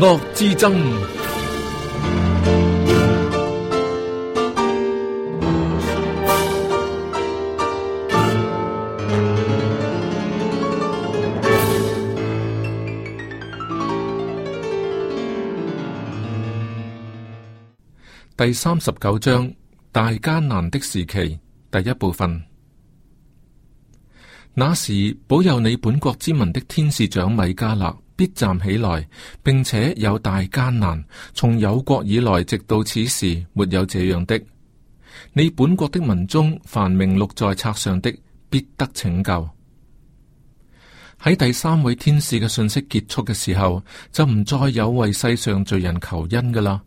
惡之爭，第三十九章大艱難的時期，第一部分。那時，保佑你本國之民的天使長米迦勒。必站起來，並且有大艱難。從有國以來，直到此時，沒有這樣的。你本國的民中，凡名錄在冊上的，必得拯救。喺第三位天使嘅信息結束嘅時候，就唔再有為世上罪人求恩噶啦。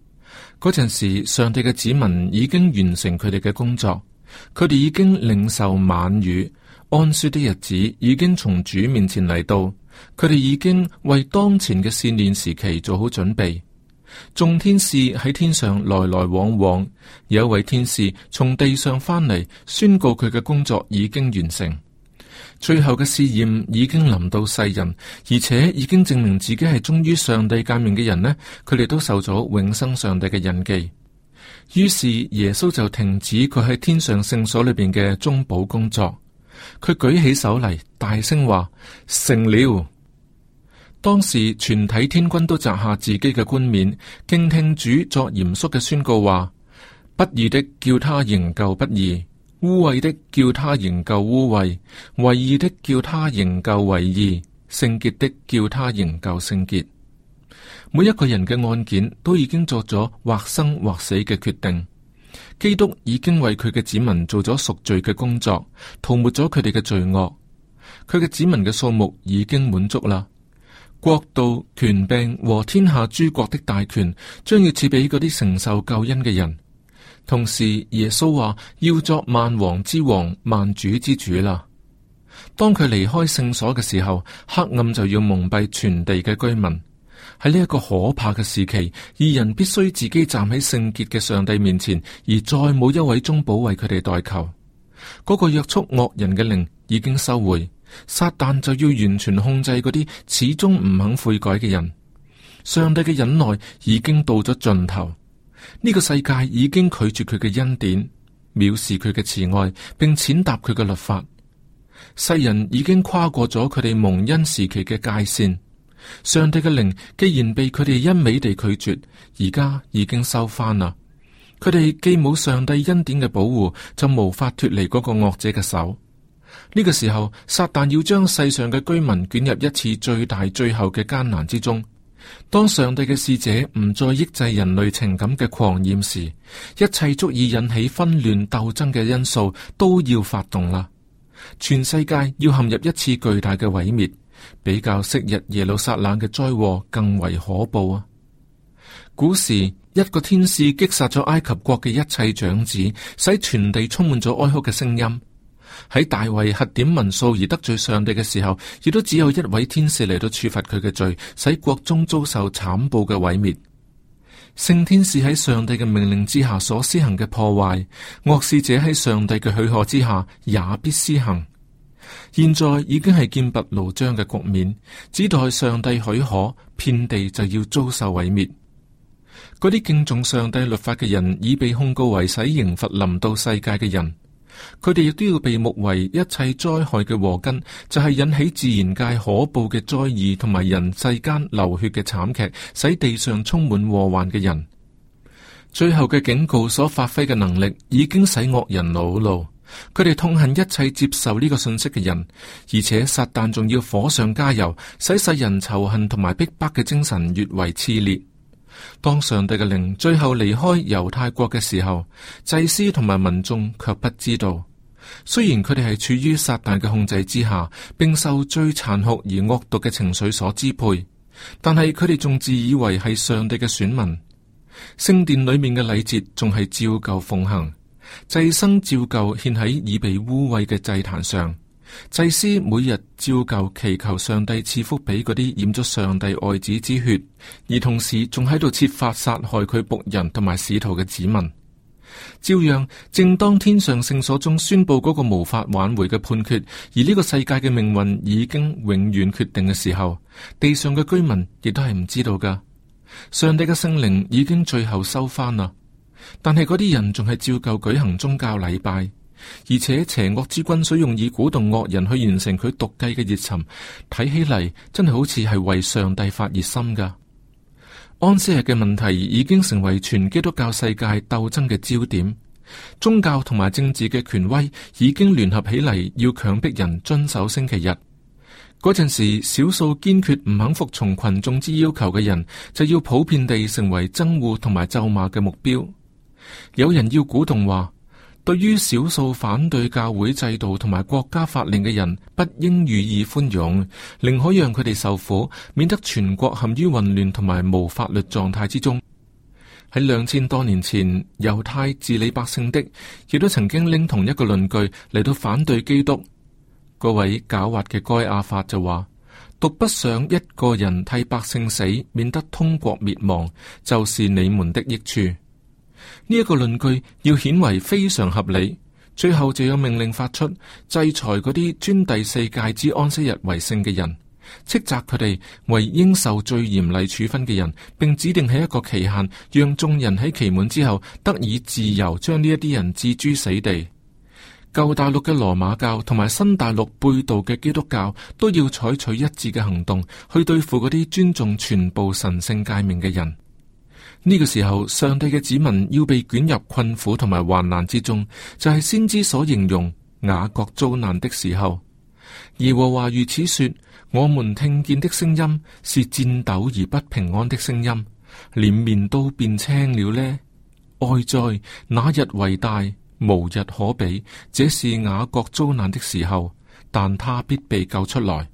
嗰陣時，上帝嘅子民已經完成佢哋嘅工作，佢哋已經領受晚雨，安舒的日子已經從主面前嚟到。佢哋已經為當前嘅試煉時期做好準備，眾天使喺天上來來往往，有一位天使從地上返嚟，宣告佢嘅工作已經完成，最後嘅試驗已經臨到世人，而且已經證明自己係忠於上帝革命嘅人呢。佢哋都受咗永生上帝嘅印記，於是耶穌就停止佢喺天上聖所裏邊嘅中保工作。佢舉起手嚟，大聲話：成了！當時全體天軍都摘下自己嘅冠冕，傾聽主作嚴肅嘅宣告：話不義的叫他仍舊不義，污穢的叫他仍舊污穢，為義的叫他仍舊為義，聖潔的叫他仍舊聖潔。每一個人嘅案件都已經作咗或生或死嘅決定。基督已經為佢嘅子民做咗贖罪嘅工作，塗抹咗佢哋嘅罪惡。佢嘅子民嘅數目已經滿足啦。國度、權柄和天下諸國的大權，將要賜俾嗰啲承受救恩嘅人。同時，耶穌，耶穌話要作萬王之王、萬主之主啦。當佢離開聖所嘅時候，黑暗就要蒙蔽全地嘅居民。喺呢一個可怕嘅時期，二人必須自己站喺聖潔嘅上帝面前，而再冇一位中保為佢哋代求。嗰、那個約束惡人嘅靈已經收回，撒旦就要完全控制嗰啲始終唔肯悔改嘅人。上帝嘅忍耐已經到咗盡頭，呢、這個世界已經拒絕佢嘅恩典，藐視佢嘅慈愛，並踐踏佢嘅律法。世人已經跨過咗佢哋蒙恩時期嘅界線。上帝嘅靈既然被佢哋因美地拒絕，而家已經收翻啦。佢哋既冇上帝恩典嘅保護，就無法脫離嗰個惡者嘅手。呢、這個時候，撒旦要將世上嘅居民捲入一次最大、最後嘅艱難之中。當上帝嘅使者唔再抑制人類情感嘅狂焰時，一切足以引起紛亂鬥爭嘅因素都要發動啦。全世界要陷入一次巨大嘅毀滅。比較昔日耶路撒冷嘅災禍更為可怖啊！古時一個天使擊殺咗埃及國嘅一切長子，使全地充滿咗哀哭嘅聲音。喺大衛核點民數而得罪上帝嘅時候，亦都只有一位天使嚟到處罰佢嘅罪，使國中遭受慘暴嘅毀滅。聖天使喺上帝嘅命令之下所施行嘅破壞，惡使者喺上帝嘅許可之下也必施行。現在已經係劍拔弩張嘅局面，只待上帝許可，遍地就要遭受毀滅。嗰啲敬重上帝律法嘅人，已被控告為使刑罰臨到世界嘅人，佢哋亦都要被目為一切災害嘅禍根，就係引起自然界可怖嘅災異，同埋人世間流血嘅慘劇，使地上充滿禍患嘅人。最後嘅警告所發揮嘅能力，已經使惡人惱怒。佢哋痛恨一切接受呢個信息嘅人，而且撒旦仲要火上加油，使世人仇恨同埋逼迫嘅精神越為熾烈。當上帝嘅靈最後離開猶太國嘅時候，祭司同埋民眾卻不知道，雖然佢哋係處於撒旦嘅控制之下，並受最殘酷而惡毒嘅情緒所支配，但係佢哋仲自以為係上帝嘅選民，聖殿裏面嘅禮節仲係照舊奉行。祭生照舊獻喺已被污穢嘅祭壇上，祭司每日照舊祈求上帝賜福俾嗰啲染咗上帝愛子之血，而同時仲喺度設法殺害佢僕人同埋使徒嘅子民。照樣正當天上聖所中宣布嗰個無法挽回嘅判決，而呢個世界嘅命運已經永遠決定嘅時候，地上嘅居民亦都係唔知道噶。上帝嘅聖靈已經最後收翻啦。但係嗰啲人仲係照舊舉行宗教禮拜，而且邪惡之君所用以鼓動惡人去完成佢毒計嘅熱忱，睇起嚟真係好似係為上帝發熱心㗎。安息日嘅問題已經成為全基督教世界鬥爭嘅焦點，宗教同埋政治嘅權威已經聯合起嚟要強迫人遵守星期日。嗰陣時，少數堅決唔肯服從群眾之要求嘅人，就要普遍地成為憎惡同埋咒罵嘅目標。有人要鼓動話，對於少數反對教會制度同埋國家法令嘅人，不應予以寬容，寧可讓佢哋受苦，免得全國陷於混亂同埋無法律狀態之中。喺兩千多年前，猶太治理百姓的，亦都曾經拎同一個論據嚟到反對基督。嗰位狡猾嘅該亞法就話：獨不想一個人替百姓死，免得通國滅亡，就是你們的益處。呢一個論據要顯為非常合理，最後就有命令發出，制裁嗰啲尊第四誡之安息日為聖嘅人，斥責佢哋為應受最嚴厲處分嘅人，並指定喺一個期限，讓眾人喺期滿之後得以自由，將呢一啲人置諸死地。舊大陸嘅羅馬教同埋新大陸背道嘅基督教都要採取一致嘅行動，去對付嗰啲尊重全部神聖誡命嘅人。呢個時候，上帝嘅子民要被捲入困苦同埋患難之中，就係、是、先知所形容雅各遭難的時候。耶和華如此說：我們聽見的聲音是戰抖而不平安的聲音，臉面都變青了呢。哀哉！那日為大，無日可比，這是雅各遭難的時候，但他必被救出來。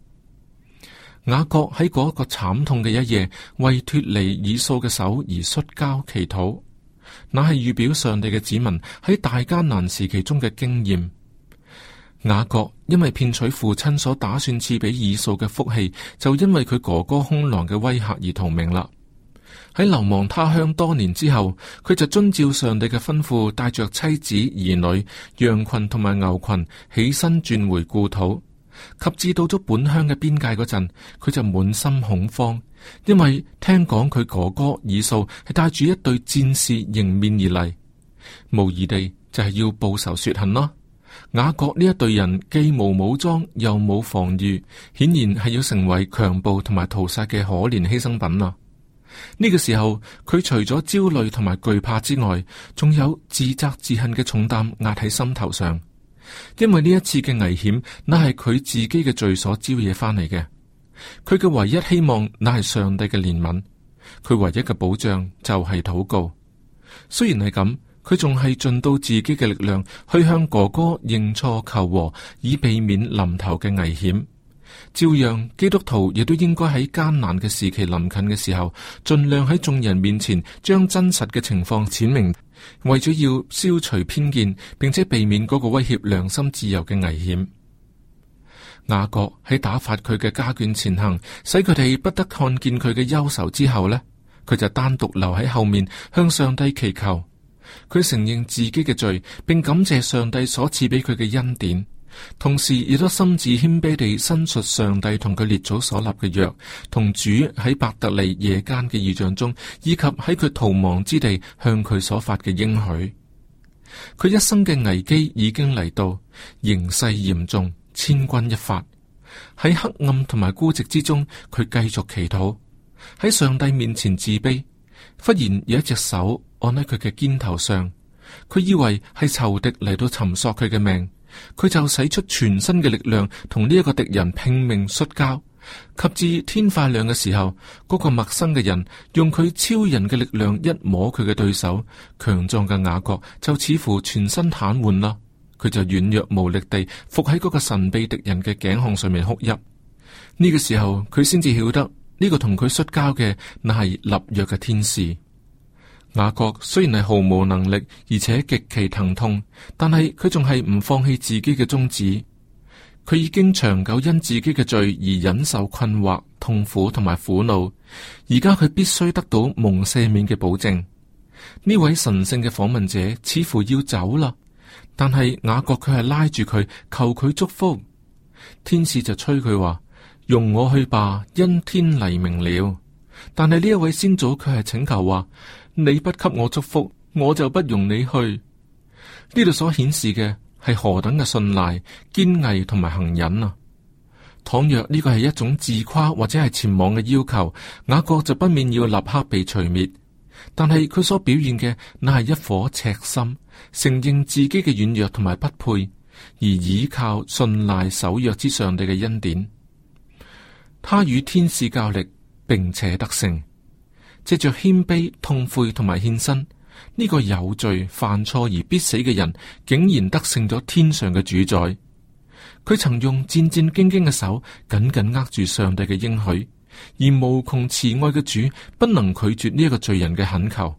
雅各喺嗰個慘痛嘅一夜，為脫離以掃嘅手而摔跤祈禱，那係預表上帝嘅子民喺大艱難時期中嘅經驗。雅各因為騙取父親所打算賜俾以掃嘅福氣，就因為佢哥哥兇狼嘅威嚇而逃命啦。喺流亡他鄉多年之後，佢就遵照上帝嘅吩咐，帶着妻子、兒女、羊群同埋牛群，起身轉回故土。及至到咗本鄉嘅邊界嗰陣，佢就滿心恐慌，因為聽講佢哥哥以掃係帶住一隊戰士迎面而嚟，無疑地就係要報仇雪恨啦。雅各呢一隊人既冇武裝又冇防禦，顯然係要成為強暴同埋屠殺嘅可憐犧牲品啦。呢、這個時候，佢除咗焦慮同埋懼怕之外，仲有自責自恨嘅重擔壓喺心頭上。因為呢一次嘅危險，乃係佢自己嘅罪所招惹翻嚟嘅。佢嘅唯一希望，乃係上帝嘅憐憫。佢唯一嘅保障，就係禱告。雖然係咁，佢仲係盡到自己嘅力量去向哥哥認錯求和，以避免臨頭嘅危險。照樣，基督徒亦都應該喺艱難嘅時期臨近嘅時候，盡量喺眾人面前將真實嘅情況闡明，為咗要消除偏見，並且避免嗰個威脅良心自由嘅危險。雅各喺打發佢嘅家眷前行，使佢哋不得看見佢嘅憂愁之後咧，佢就單獨留喺後面向上帝祈求，佢承認自己嘅罪，並感謝上帝所賜俾佢嘅恩典。同時，亦都深自謙卑地申述上帝同佢列祖所立嘅約，同主喺伯特利夜間嘅異象中，以及喺佢逃亡之地向佢所發嘅應許。佢一生嘅危機已經嚟到，形勢嚴重，千鈞一發。喺黑暗同埋孤寂之中，佢繼續祈禱喺上帝面前自卑。忽然有一隻手按喺佢嘅肩頭上，佢以為係仇敵嚟到尋索佢嘅命。佢就使出全身嘅力量，同呢一個敵人拼命摔跤。及至天快亮嘅時候，嗰、那個陌生嘅人用佢超人嘅力量一摸，佢嘅對手強壯嘅雅各，就似乎全身癱瘓啦。佢就軟弱無力地伏喺嗰個神秘敵人嘅頸項上面哭泣。呢、這個時候佢先至曉得呢、這個同佢摔跤嘅，乃係立約嘅天使。雅各雖然係毫無能力，而且極其疼痛，但係佢仲係唔放棄自己嘅宗旨。佢已經長久因自己嘅罪而忍受困惑、痛苦同埋苦惱。而家佢必須得到蒙赦免嘅保證。呢位神聖嘅訪問者似乎要走啦，但係雅各佢係拉住佢求佢祝福。天使就催佢話：容我去吧，因天黎明了。但係呢一位先祖佢係請求話。你不給我祝福，我就不容你去。呢度所顯示嘅係何等嘅信賴、堅毅同埋恒忍啊！倘若呢個係一種自誇或者係前往嘅要求，雅各就不免要立刻被除滅。但係佢所表現嘅，那係一顆赤心，承認自己嘅軟弱同埋不配，而倚靠信賴守約之上帝嘅恩典。他與天使較力，並且得勝。借着謙卑、痛悔同埋獻身，呢個有罪、犯錯而必死嘅人，竟然得勝咗天上嘅主宰。佢曾用戰戰兢兢嘅手緊緊握住上帝嘅應許，而無窮慈愛嘅主不能拒絕呢個罪人嘅懇求。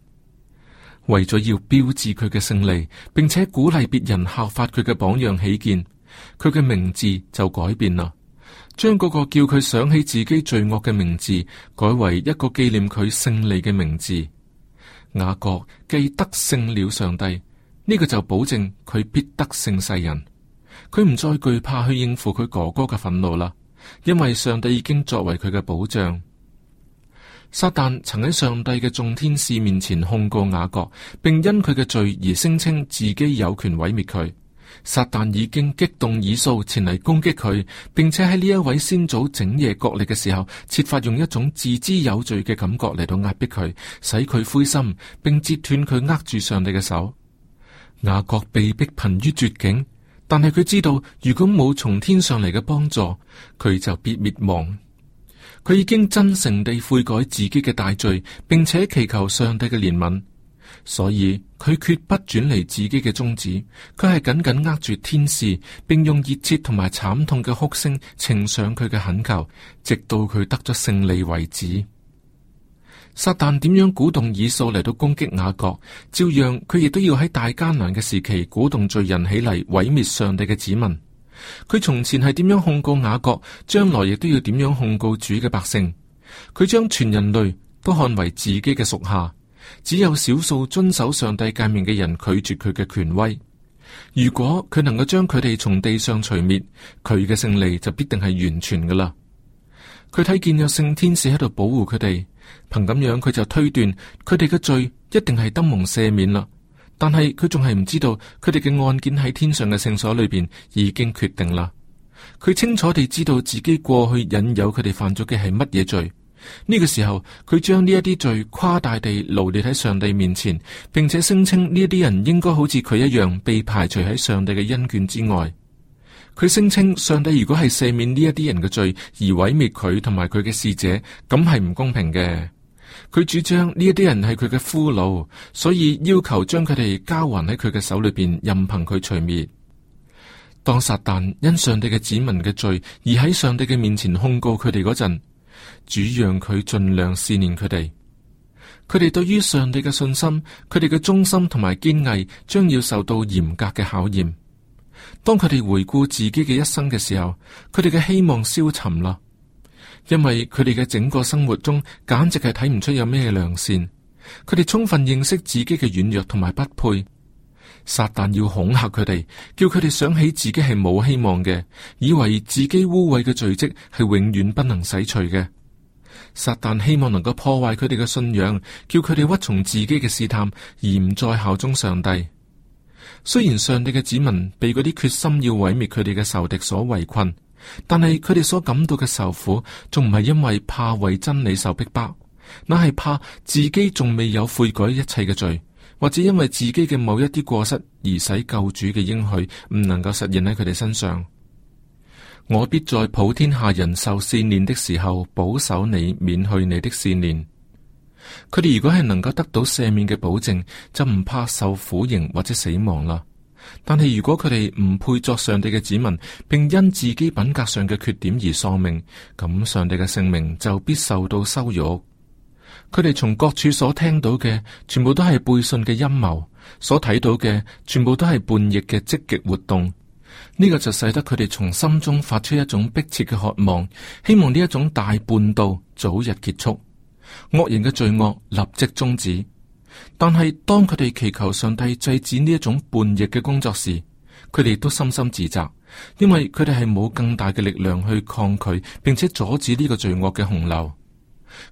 為咗要標誌佢嘅勝利，並且鼓勵別人效法佢嘅榜樣起見，佢嘅名字就改變啦。將嗰個叫佢想起自己罪惡嘅名字，改為一個紀念佢勝利嘅名字。雅各既得勝了上帝，呢個就保證佢必得勝世人。佢唔再懼怕去應付佢哥哥嘅憤怒啦，因為上帝已經作為佢嘅保障。撒旦曾喺上帝嘅眾天使面前控告雅各，並因佢嘅罪而聲稱自己有權毀滅佢。撒旦已經激動以掃，前嚟攻擊佢，並且喺呢一位先祖整夜角力嘅時候，設法用一種自知有罪嘅感覺嚟到壓迫佢，使佢灰心，並截斷佢握住上帝嘅手。雅各被迫瀕於絕境，但係佢知道，如果冇從天上嚟嘅幫助，佢就必滅亡。佢已經真誠地悔改自己嘅大罪，並且祈求上帝嘅憐憫。所以佢決不轉離自己嘅宗旨，佢係緊緊握住天使，並用熱切同埋慘痛嘅哭聲，呈上佢嘅懇求，直到佢得咗勝利為止。撒旦點樣鼓動以掃嚟到攻擊雅各，照樣佢亦都要喺大艱難嘅時期鼓動罪人起嚟毀滅上帝嘅子民。佢從前係點樣控告雅各，將來亦都要點樣控告主嘅百姓。佢將全人類都看為自己嘅屬下。只有少數遵守上帝誡命嘅人拒絕佢嘅權威。如果佢能夠將佢哋從地上除滅，佢嘅勝利就必定係完全噶啦。佢睇見有聖天使喺度保護佢哋，憑咁樣佢就推斷佢哋嘅罪一定係得蒙赦免啦。但係佢仲係唔知道佢哋嘅案件喺天上嘅聖所裏邊已經決定啦。佢清楚地知道自己過去引誘佢哋犯咗嘅係乜嘢罪。呢個時候，佢將呢一啲罪誇大地羅列喺上帝面前，並且聲稱呢一啲人應該好似佢一樣被排除喺上帝嘅恩眷之外。佢聲稱上帝如果係赦免呢一啲人嘅罪而毀滅佢同埋佢嘅使者，咁係唔公平嘅。佢主張呢一啲人係佢嘅俘虜，所以要求將佢哋交還喺佢嘅手裏邊，任憑佢除滅。當撒旦因上帝嘅子民嘅罪而喺上帝嘅面前控告佢哋嗰陣，主讓佢盡量試煉佢哋。佢哋對於上帝嘅信心，佢哋嘅忠心同埋堅毅，將要受到嚴格嘅考驗。當佢哋回顧自己嘅一生嘅時候，佢哋嘅希望消沉啦，因為佢哋嘅整個生活中簡直係睇唔出有咩良善。佢哋充分認識自己嘅軟弱同埋不配。撒旦要恐嚇佢哋，叫佢哋想起自己係冇希望嘅，以為自己污穢嘅罪跡係永遠不能洗除嘅。撒但希望能夠破壞佢哋嘅信仰，叫佢哋屈從自己嘅試探，而唔再效忠上帝。雖然上帝嘅子民被嗰啲決心要毀滅佢哋嘅仇敵所圍困，但係佢哋所感到嘅受苦，仲唔係因為怕為真理受逼迫，那係怕自己仲未有悔改一切嘅罪，或者因為自己嘅某一啲過失而使救主嘅應許唔能夠實現喺佢哋身上。我必在普天下人受善念的時候，保守你，免去你的善念。佢哋如果係能夠得到赦免嘅保證，就唔怕受苦刑或者死亡啦。但係如果佢哋唔配作上帝嘅子民，並因自己品格上嘅缺點而喪命，咁上帝嘅聖名就必受到羞辱。佢哋從各處所聽到嘅，全部都係背信嘅陰謀；所睇到嘅，全部都係叛逆嘅積極活動。呢個就使得佢哋從心中發出一種迫切嘅渴望，希望呢一種大叛道早日結束，惡人嘅罪惡立即終止。但係當佢哋祈求上帝制止呢一種叛逆嘅工作時，佢哋都深深自責，因為佢哋係冇更大嘅力量去抗拒，並且阻止呢個罪惡嘅洪流。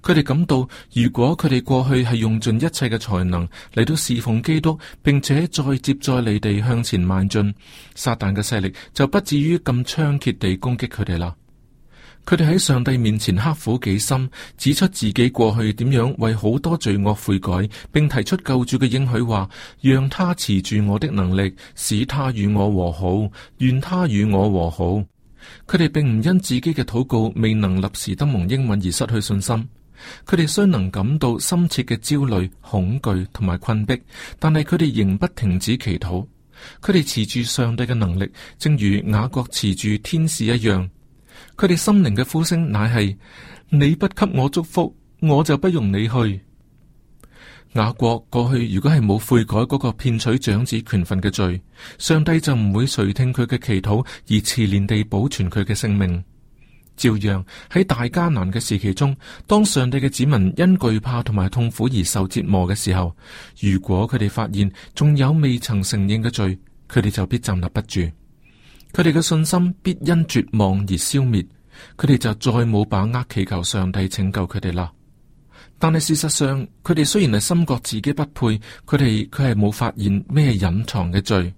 佢哋感到，如果佢哋過去係用盡一切嘅才能嚟到侍奉基督，並且再接再厲地向前邁進，撒旦嘅勢力就不至於咁猖獗地攻擊佢哋啦。佢哋喺上帝面前刻苦己心，指出自己過去點樣為好多罪惡悔改，並提出救主嘅應許話：讓他持住我的能力，使他與我和好，願他與我和好。佢哋並唔因自己嘅禱告未能立時得蒙應允而失去信心。佢哋雖能感到深切嘅焦慮、恐懼同埋困迫，但係佢哋仍不停止祈禱。佢哋持住上帝嘅能力，正如雅各持住天使一樣。佢哋心靈嘅呼聲乃係：你不給我祝福，我就不容你去。雅各過去如果係冇悔改嗰個騙取長子權份嘅罪，上帝就唔會垂聽佢嘅祈禱而慈憐地保存佢嘅性命。照樣喺大艱難嘅時期中，當上帝嘅子民因懼怕同埋痛苦而受折磨嘅時候，如果佢哋發現仲有未曾承認嘅罪，佢哋就必站立不住，佢哋嘅信心必因絕望而消滅，佢哋就再冇把握祈求上帝拯救佢哋啦。但係事實上，佢哋雖然係深覺自己不配，佢哋佢係冇發現咩隱藏嘅罪，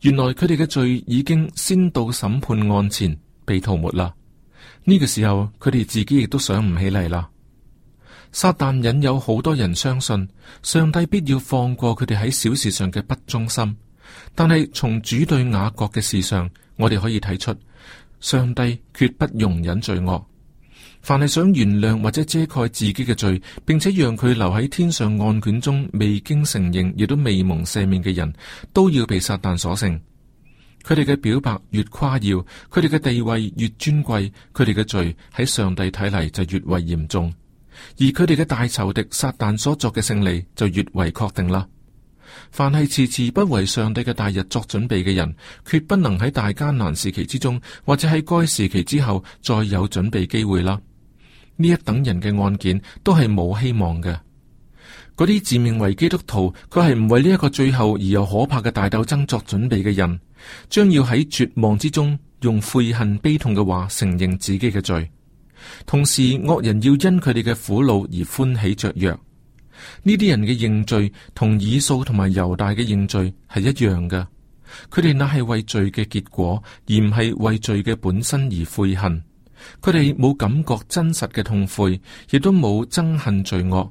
原來佢哋嘅罪已經先到審判案前被塗抹啦。呢個時候，佢哋自己亦都想唔起嚟啦。撒旦引誘好多人相信，上帝必要放過佢哋喺小事上嘅不忠心。但係從主對雅各嘅事上，我哋可以睇出，上帝絕不容忍罪惡。凡係想原諒或者遮蓋自己嘅罪，並且讓佢留喺天上案卷中未經承認亦都未蒙赦免嘅人，都要被撒旦所勝。佢哋嘅表白越誇耀，佢哋嘅地位越尊貴，佢哋嘅罪喺上帝睇嚟就越為嚴重，而佢哋嘅大仇敵撒旦所作嘅勝利就越為確定啦。凡係遲遲不為上帝嘅大日作準備嘅人，決不能喺大艱難時期之中，或者喺該時期之後再有準備機會啦。呢一等人嘅案件都係冇希望嘅。嗰啲自命為基督徒，佢係唔為呢一個最後而又可怕嘅大鬥爭作準備嘅人。將要喺絕望之中，用悔恨、悲痛嘅話承認自己嘅罪，同時惡人要因佢哋嘅苦惱而歡喜雀躍。呢啲人嘅認罪同以掃同埋猶大嘅認罪係一樣嘅，佢哋那係為罪嘅結果而唔係為罪嘅本身而悔恨，佢哋冇感覺真實嘅痛悔，亦都冇憎恨罪惡。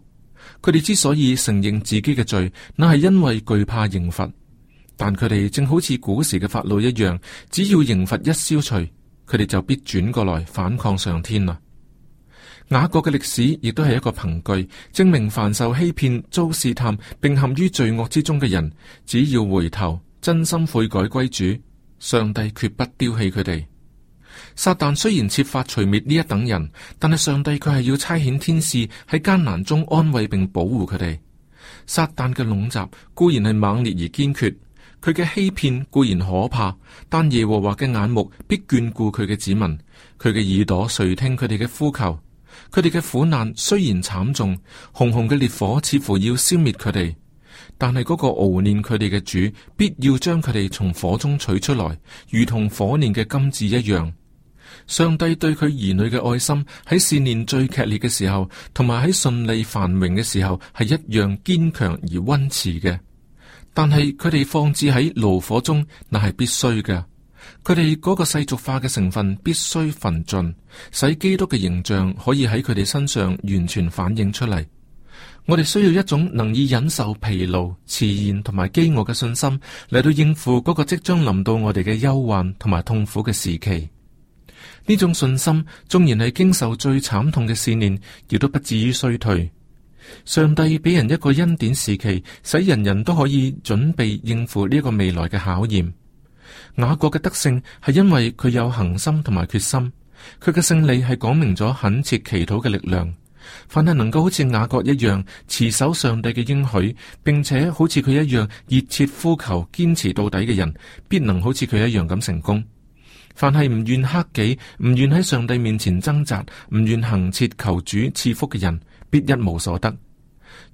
佢哋之所以承認自己嘅罪，那係因為懼怕刑罰。但佢哋正好似古時嘅法老一樣，只要刑罰一消除，佢哋就必轉過來反抗上天啦。雅各嘅歷史亦都係一個憑據，證明凡受欺騙、遭試探，並陷於罪惡之中嘅人，只要回頭真心悔改歸主，上帝決不丟棄佢哋。撒旦雖然設法除滅呢一等人，但係上帝佢係要差遣天使喺艱難中安慰並保護佢哋。撒旦嘅籠襲固然係猛烈而堅決。佢嘅欺騙固然可怕，但耶和華嘅眼目必眷顧佢嘅子民，佢嘅耳朵垂聽佢哋嘅呼求，佢哋嘅苦難雖然慘重，熊熊嘅烈火似乎要消滅佢哋，但係嗰個熬煉佢哋嘅主，必要將佢哋從火中取出來，如同火煉嘅金子一樣。上帝對佢兒女嘅愛心，喺試煉最劇烈嘅時候，同埋喺順利繁榮嘅時候，係一樣堅強而溫慈嘅。但係佢哋放置喺爐火中，那係必須嘅。佢哋嗰個世俗化嘅成分必須焚盡，使基督嘅形象可以喺佢哋身上完全反映出嚟。我哋需要一種能以忍受疲勞、遲延同埋飢餓嘅信心嚟到應付嗰個即將臨到我哋嘅憂患同埋痛苦嘅時期。呢種信心縱然係經受最慘痛嘅試煉，亦都不至於衰退。上帝俾人一個恩典時期，使人人都可以準備應付呢個未來嘅考驗。雅各嘅得勝係因為佢有恒心同埋決心，佢嘅勝利係講明咗懇切祈禱嘅力量。凡係能夠好似雅各一樣持守上帝嘅應許，並且好似佢一樣熱切呼求、堅持到底嘅人，必能好似佢一樣咁成功。凡係唔願克己、唔願喺上帝面前掙扎、唔願行切求主賜福嘅人，必一無所得。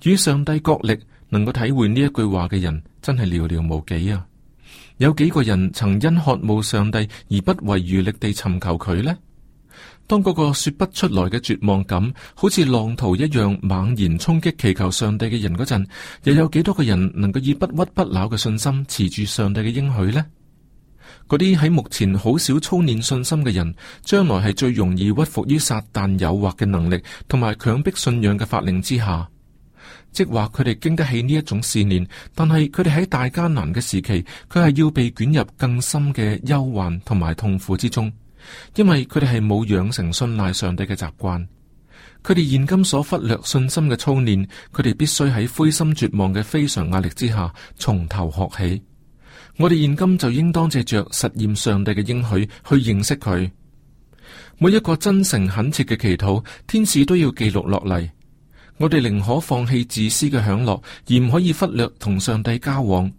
與上帝角力，能夠體會呢一句話嘅人，真係寥寥無幾啊！有幾個人曾因渴慕上帝而不遺餘力地尋求佢呢？當嗰個說不出來嘅絕望感，好似浪濤一樣猛然衝擊祈求上帝嘅人嗰陣，又有幾多個人能夠以不屈不撓嘅信心持住上帝嘅應許呢？嗰啲喺目前好少操練信心嘅人，將來係最容易屈服於撒旦誘惑嘅能力，同埋強迫信仰嘅法令之下。即話佢哋經得起呢一種試煉，但係佢哋喺大艱難嘅時期，佢係要被捲入更深嘅憂患同埋痛苦之中，因為佢哋係冇養成信賴上帝嘅習慣。佢哋現今所忽略信心嘅操練，佢哋必須喺灰心絕望嘅非常壓力之下，從頭學起。我哋現今就應當借着實驗上帝嘅應許去認識佢。每一個真誠懇切嘅祈禱，天使都要記錄落嚟。我哋寧可放棄自私嘅享樂，而唔可以忽略同上帝交往。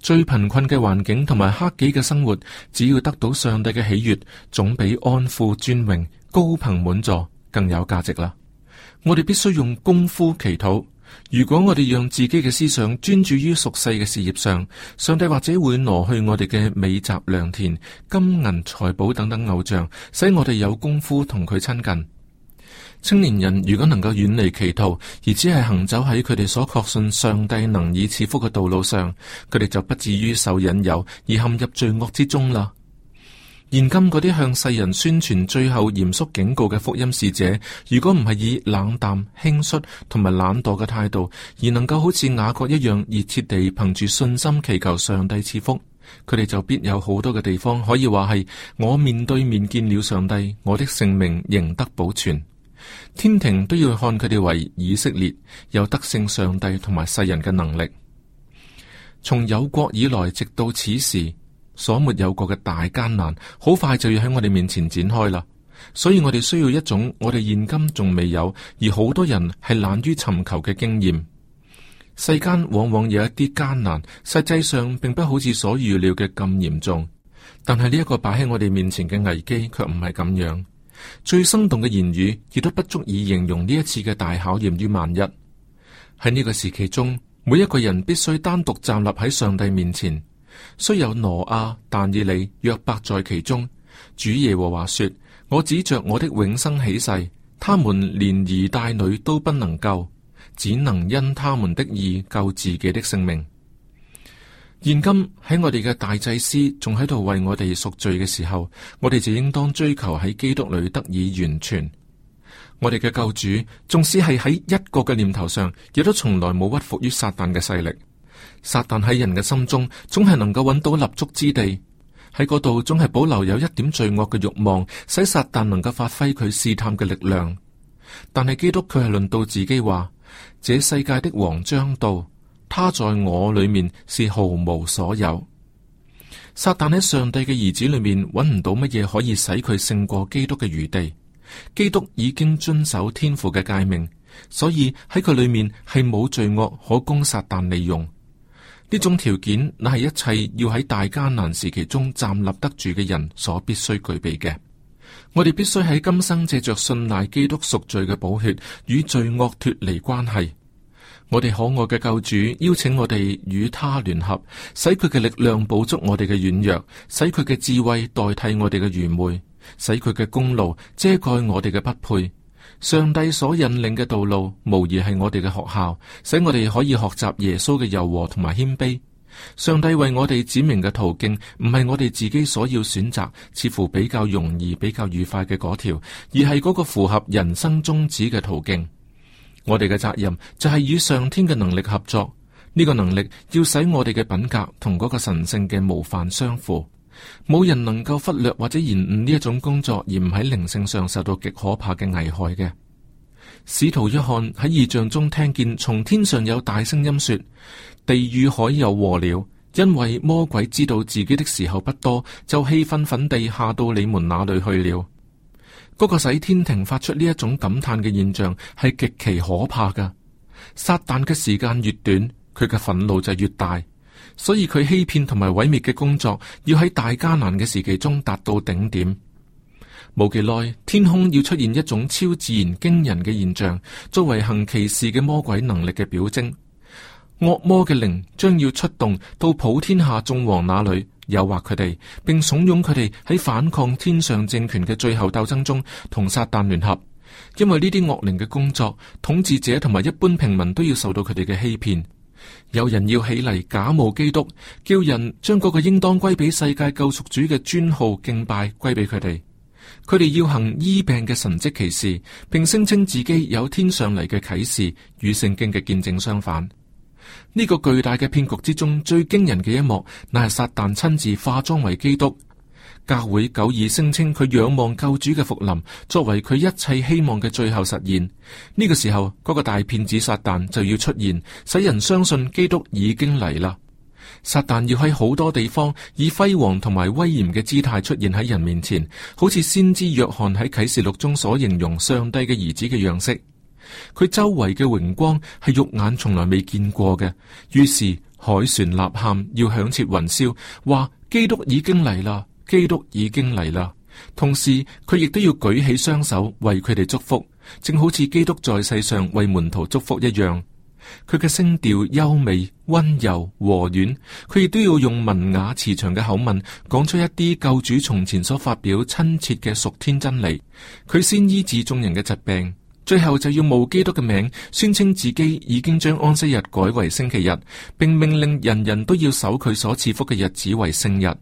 最貧困嘅環境同埋黑己嘅生活，只要得到上帝嘅喜悅，總比安富尊榮、高朋滿座更有價值啦。我哋必須用功夫祈禱。如果我哋讓自己嘅思想專注於俗世嘅事業上，上帝或者會挪去我哋嘅美雜良田、金銀財寶等等偶像，使我哋有功夫同佢親近。青年人如果能夠遠離歧途，而只係行走喺佢哋所確信上帝能以賜福嘅道路上，佢哋就不至於受引誘而陷入罪惡之中啦。現今嗰啲向世人宣傳最後嚴肅警告嘅福音使者，如果唔係以冷淡、輕率同埋懶惰嘅態度，而能夠好似雅各一樣熱切地憑住信心祈求上帝賜福，佢哋就必有好多嘅地方可以話係我面對面見了上帝，我的性命仍得保存，天庭都要看佢哋爲以色列有得勝上帝同埋世人嘅能力。從有國以來直到此時，所沒有過嘅大艱難，好快就要喺我哋面前展開啦。所以我哋需要一種我哋現今仲未有，而好多人係懶於尋求嘅經驗。世間往往有一啲艱難，實際上並不好似所預料嘅咁嚴重。但係呢一個擺喺我哋面前嘅危機，却唔係咁樣。最生動嘅言語，亦都不足以形容呢一次嘅大考驗於萬一。喺呢個時期中，每一個人必須單獨站立喺上帝面前。雖有挪亞、但以理、約伯在其中，主耶和華說：我指着我的永生起誓，他們連兒帶女都不能救，只能因他們的意救自己的性命。現今喺我哋嘅大祭司仲喺度為我哋贖罪嘅時候，我哋就應當追求喺基督裏得以完全。我哋嘅救主，縱使係喺一個嘅念頭上，亦都從來冇屈服於撒旦嘅勢力。撒旦喺人嘅心中總係能夠揾到立足之地，喺嗰度總係保留有一點罪惡嘅欲望，使撒旦能夠發揮佢試探嘅力量。但係基督佢係論到自己話，這世界的王將到，他在我裏面是毫無所有。撒旦喺上帝嘅兒子裏面揾唔到乜嘢可以使佢勝過基督嘅餘地。基督已經遵守天父嘅誡命，所以喺佢裏面係冇罪惡可供撒旦利用。呢種條件，乃係一切要喺大艱難時期中站立得住嘅人所必須具備嘅。我哋必須喺今生借着信賴基督贖罪嘅寶血，與罪惡脫離關係。我哋可愛嘅救主邀請我哋與他聯合，使佢嘅力量補足我哋嘅軟弱，使佢嘅智慧代替我哋嘅愚昧，使佢嘅功勞遮蓋我哋嘅不配。上帝所引領嘅道路，無疑係我哋嘅學校，使我哋可以學習耶穌嘅柔和同埋謙卑。上帝為我哋指明嘅途徑，唔係我哋自己所要選擇，似乎比較容易、比較愉快嘅嗰條，而係嗰個符合人生宗旨嘅途徑。我哋嘅責任就係與上天嘅能力合作，呢個能力要使我哋嘅品格同嗰個神聖嘅模範相符。冇人能夠忽略或者延誤呢一種工作，而唔喺靈性上受到極可怕嘅危害嘅。使徒一看喺異象中聽見從天上有大聲音說：地與海有禍了，因為魔鬼知道自己的時候不多，就氣憤憤地下到你們那裏去了。嗰、那個使天庭發出呢一種感嘆嘅現象係極其可怕噶。撒旦嘅時間越短，佢嘅憤怒就越大。所以佢欺騙同埋毀滅嘅工作，要喺大艱難嘅時期中達到頂點。冇幾耐，天空要出現一種超自然驚人嘅現象，作為行奇事嘅魔鬼能力嘅表徵。惡魔嘅靈將要出動到普天下眾王那裏，誘惑佢哋，並慫恿佢哋喺反抗天上政權嘅最後鬥爭中同撒旦聯合。因為呢啲惡靈嘅工作，統治者同埋一般平民都要受到佢哋嘅欺騙。有人要起嚟假冒基督，叫人將嗰個應當歸俾世界救贖主嘅尊號敬拜歸俾佢哋。佢哋要行醫病嘅神跡奇事，並聲稱自己有天上嚟嘅啟示，與聖經嘅見證相反。呢、這個巨大嘅騙局之中，最驚人嘅一幕，乃係撒旦親自化妝為基督。教會久已聲稱佢仰望救主嘅復臨，作為佢一切希望嘅最後實現。呢個時候，嗰個大騙子撒旦就要出現，使人相信基督已經嚟啦。撒旦要喺好多地方以輝煌同埋威嚴嘅姿態出現喺人面前，好似先知約翰喺啟示錄中所形容上帝嘅兒子嘅樣式。佢周圍嘅榮光係肉眼從來未見過嘅。於是海船吶喊，要響徹雲霄，話基督已經嚟啦。基督已經嚟啦，同時佢亦都要舉起雙手為佢哋祝福，正好似基督在世上為門徒祝福一樣。佢嘅聲調優美、温柔、和婉，佢亦都要用文雅、慈祥嘅口吻講出一啲救主從前所發表親切嘅屬天真理。佢先醫治眾人嘅疾病，最後就要冒基督嘅名，宣稱自己已經將安息日改為星期日，並命令人人都要守佢所賜福嘅日子為聖日。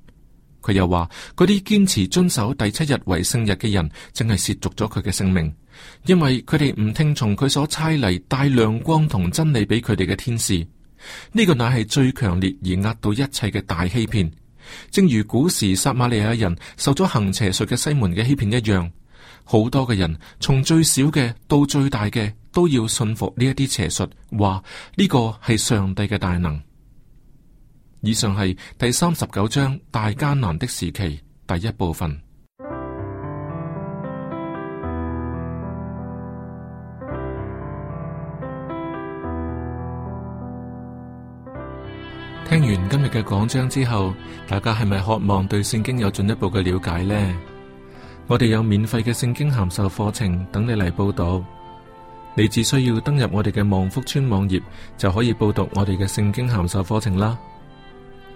佢又話：嗰啲堅持遵守第七日為聖日嘅人，正係褻瀆咗佢嘅性命，因為佢哋唔聽從佢所差嚟帶亮光同真理俾佢哋嘅天使。呢、這個乃係最強烈而壓倒一切嘅大欺騙，正如古時撒瑪利亞人受咗行邪術嘅西門嘅欺騙一樣。好多嘅人從最小嘅到最大嘅，都要信服呢一啲邪術，話呢、這個係上帝嘅大能。以上係第三十九章大艱難的時期第一部分。聽完今日嘅講章之後，大家係咪渴望對聖經有進一步嘅了解呢？我哋有免費嘅聖經函授課程等你嚟報讀。你只需要登入我哋嘅望福村網頁，就可以報讀我哋嘅聖經函授課程啦。